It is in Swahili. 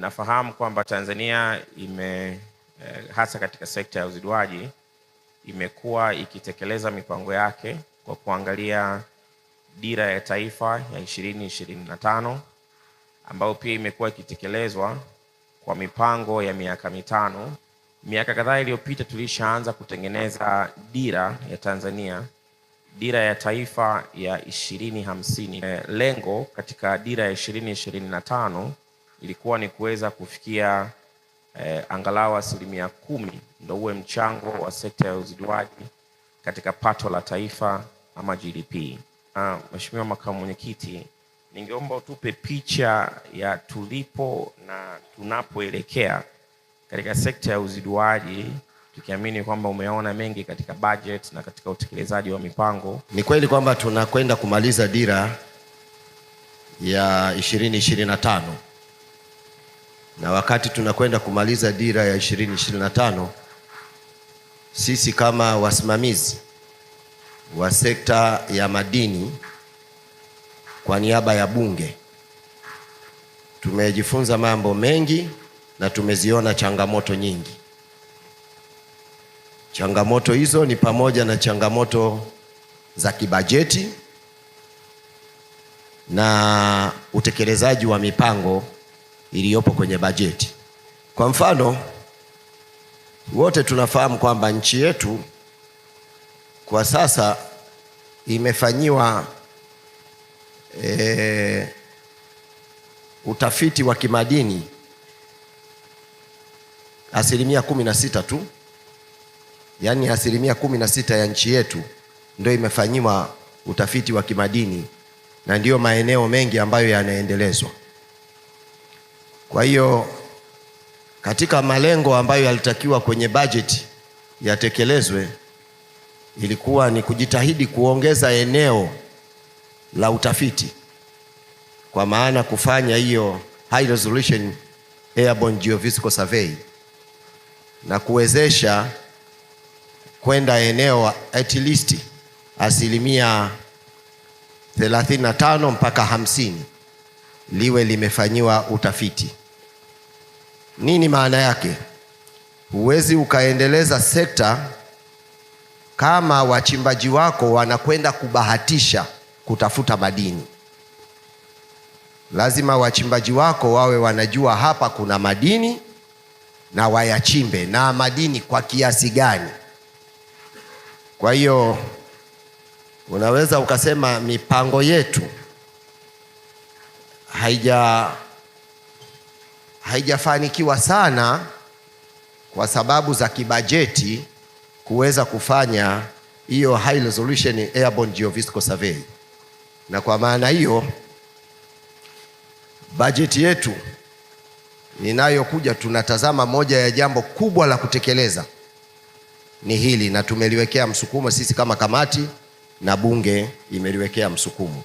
nafahamu kwamba Tanzania ime eh, hasa katika sekta ya uziduaji imekuwa ikitekeleza mipango yake kwa kuangalia dira ya taifa ya ishirini ishirini na tano ambayo pia imekuwa ikitekelezwa kwa mipango ya miaka mitano. Miaka kadhaa iliyopita tulishaanza kutengeneza dira ya Tanzania, dira ya taifa ya ishirini hamsini. Eh, lengo katika dira ya ishirini ishirini na tano ilikuwa ni kuweza kufikia eh, angalau asilimia kumi ndo uwe mchango wa sekta ya uziduaji katika pato la taifa ama GDP. Na Mheshimiwa Makamu Mwenyekiti, ningeomba utupe picha ya tulipo na tunapoelekea katika sekta ya uziduaji tukiamini kwamba umeona mengi katika budget na katika utekelezaji wa mipango. Ni kweli kwamba tunakwenda kumaliza dira ya 2025 na wakati tunakwenda kumaliza dira ya 2025 sisi kama wasimamizi wa sekta ya madini kwa niaba ya Bunge tumejifunza mambo mengi na tumeziona changamoto nyingi. Changamoto hizo ni pamoja na changamoto za kibajeti na utekelezaji wa mipango iliyopo kwenye bajeti. Kwa mfano, wote tunafahamu kwamba nchi yetu kwa sasa imefanyiwa e, utafiti wa kimadini asilimia kumi na sita tu, yaani asilimia kumi na sita ya nchi yetu ndio imefanyiwa utafiti wa kimadini na ndiyo maeneo mengi ambayo yanaendelezwa. Kwa hiyo katika malengo ambayo yalitakiwa kwenye bajeti yatekelezwe, ilikuwa ni kujitahidi kuongeza eneo la utafiti, kwa maana kufanya hiyo high resolution airborne geophysical survey na kuwezesha kwenda eneo at least asilimia 35 mpaka 50 liwe limefanyiwa utafiti. Nini maana yake? Huwezi ukaendeleza sekta kama wachimbaji wako wanakwenda kubahatisha kutafuta madini. Lazima wachimbaji wako wawe wanajua hapa kuna madini na wayachimbe, na madini kwa kiasi gani. Kwa hiyo unaweza ukasema mipango yetu haija haijafanikiwa sana kwa sababu za kibajeti kuweza kufanya hiyo high resolution airborne geophysical survey, na kwa maana hiyo bajeti yetu inayokuja tunatazama moja ya jambo kubwa la kutekeleza ni hili, na tumeliwekea msukumo sisi kama kamati na bunge imeliwekea msukumo.